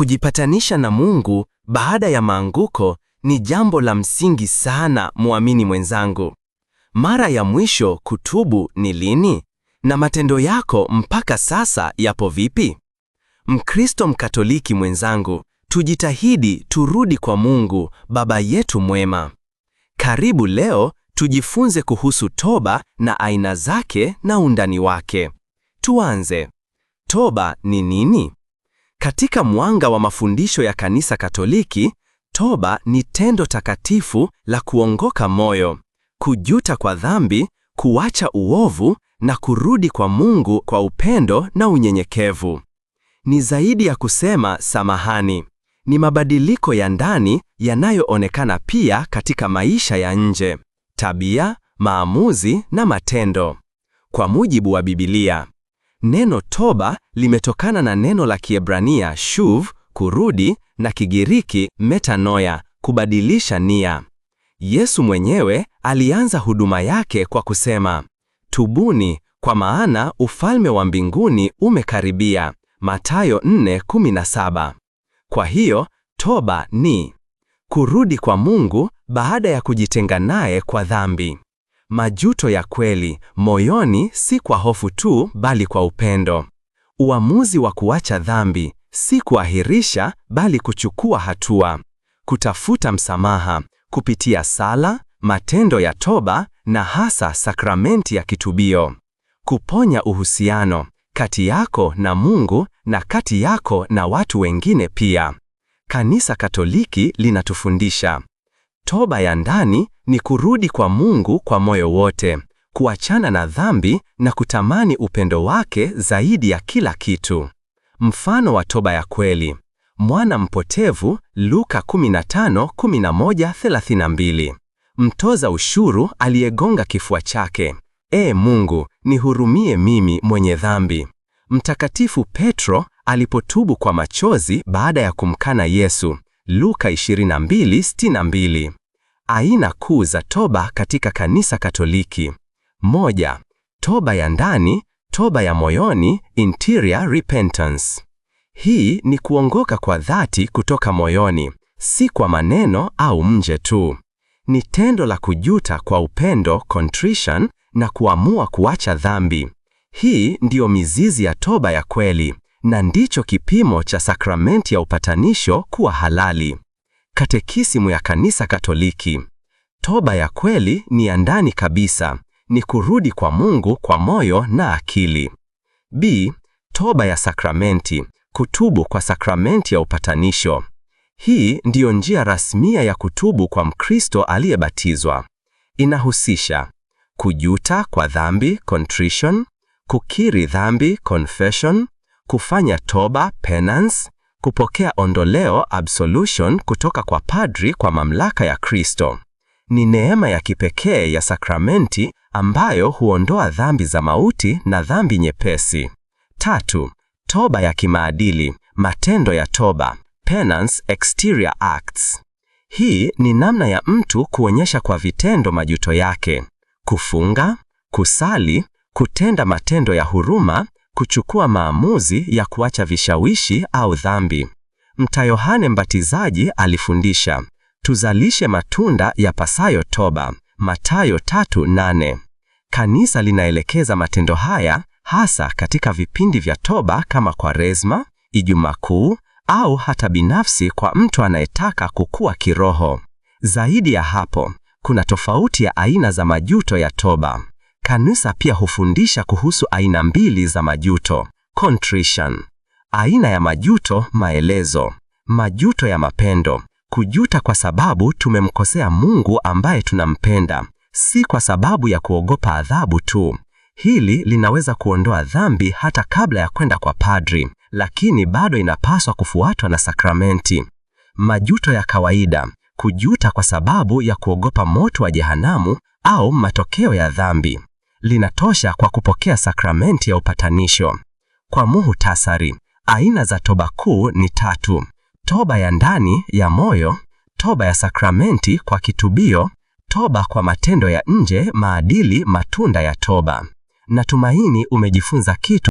Kujipatanisha na Mungu baada ya maanguko ni jambo la msingi sana, muamini mwenzangu. Mara ya mwisho kutubu ni lini? Na matendo yako mpaka sasa yapo vipi? Mkristo Mkatoliki mwenzangu, tujitahidi turudi kwa Mungu Baba yetu mwema. Karibu leo tujifunze kuhusu toba na aina zake na undani wake. Tuanze. Toba ni nini? Katika mwanga wa mafundisho ya Kanisa Katoliki, toba ni tendo takatifu la kuongoka moyo, kujuta kwa dhambi, kuacha uovu na kurudi kwa Mungu kwa upendo na unyenyekevu. Ni zaidi ya kusema samahani. Ni mabadiliko ya ndani yanayoonekana pia katika maisha ya nje, tabia, maamuzi na matendo. Kwa mujibu wa Biblia, Neno toba limetokana na neno la Kiebrania shuv, kurudi, na Kigiriki metanoia, kubadilisha nia. Yesu mwenyewe alianza huduma yake kwa kusema, tubuni kwa maana ufalme wa mbinguni umekaribia. Mathayo 4:17. Kwa hiyo toba ni kurudi kwa Mungu baada ya kujitenga naye kwa dhambi. Majuto ya kweli moyoni, si kwa hofu tu, bali kwa upendo. Uamuzi wa kuacha dhambi, si kuahirisha, bali kuchukua hatua. Kutafuta msamaha kupitia sala, matendo ya toba na hasa sakramenti ya kitubio. Kuponya uhusiano kati yako na Mungu na kati yako na watu wengine pia. Kanisa Katoliki linatufundisha Toba ya ndani ni kurudi kwa Mungu kwa moyo wote, kuachana na dhambi na kutamani upendo wake zaidi ya kila kitu. Mfano wa toba ya kweli. Mwana mpotevu Luka 15:11-32. Mtoza ushuru aliyegonga kifua chake, E Mungu, nihurumie mimi mwenye dhambi. Mtakatifu Petro alipotubu kwa machozi baada ya kumkana Yesu, Luka 22:62. Aina kuu za toba katika Kanisa Katoliki. Moja, toba ya ndani, toba ya moyoni, interior repentance. Hii ni kuongoka kwa dhati kutoka moyoni, si kwa maneno au nje tu. Ni tendo la kujuta kwa upendo, contrition, na kuamua kuacha dhambi. Hii ndiyo mizizi ya toba ya kweli na ndicho kipimo cha sakramenti ya upatanisho kuwa halali. Katekisimu ya Kanisa Katoliki. Toba ya kweli ni ya ndani kabisa, ni kurudi kwa Mungu kwa moyo na akili. B. Toba ya sakramenti, kutubu kwa sakramenti ya upatanisho. Hii ndiyo njia rasmia ya kutubu kwa Mkristo aliyebatizwa. Inahusisha kujuta kwa dhambi contrition, kukiri dhambi confession, kufanya toba penance, kupokea ondoleo absolution kutoka kwa padri kwa mamlaka ya Kristo. Ni neema ya kipekee ya sakramenti ambayo huondoa dhambi za mauti na dhambi nyepesi. Tatu, toba ya kimaadili, matendo ya toba, penance exterior acts. Hii ni namna ya mtu kuonyesha kwa vitendo majuto yake: kufunga, kusali, kutenda matendo ya huruma kuchukua maamuzi ya kuacha vishawishi au dhambi. Mta Yohane Mbatizaji alifundisha tuzalishe matunda ya pasayo toba, Mathayo 3:8. Kanisa linaelekeza matendo haya hasa katika vipindi vya toba kama Kwaresma, Ijumaa Kuu au hata binafsi kwa mtu anayetaka kukua kiroho. Zaidi ya hapo, kuna tofauti ya aina za majuto ya toba. Kanisa pia hufundisha kuhusu aina mbili za majuto, contrition. Aina ya majuto maelezo, majuto ya mapendo, kujuta kwa sababu tumemkosea Mungu ambaye tunampenda, si kwa sababu ya kuogopa adhabu tu. Hili linaweza kuondoa dhambi hata kabla ya kwenda kwa padri, lakini bado inapaswa kufuatwa na sakramenti. Majuto ya kawaida, kujuta kwa sababu ya kuogopa moto wa jehanamu au matokeo ya dhambi linatosha kwa kupokea sakramenti ya upatanisho. Kwa muhtasari, aina za toba kuu ni tatu: toba ya ndani ya moyo, toba ya sakramenti kwa kitubio, toba kwa matendo ya nje, maadili, matunda ya toba. Natumaini umejifunza kitu.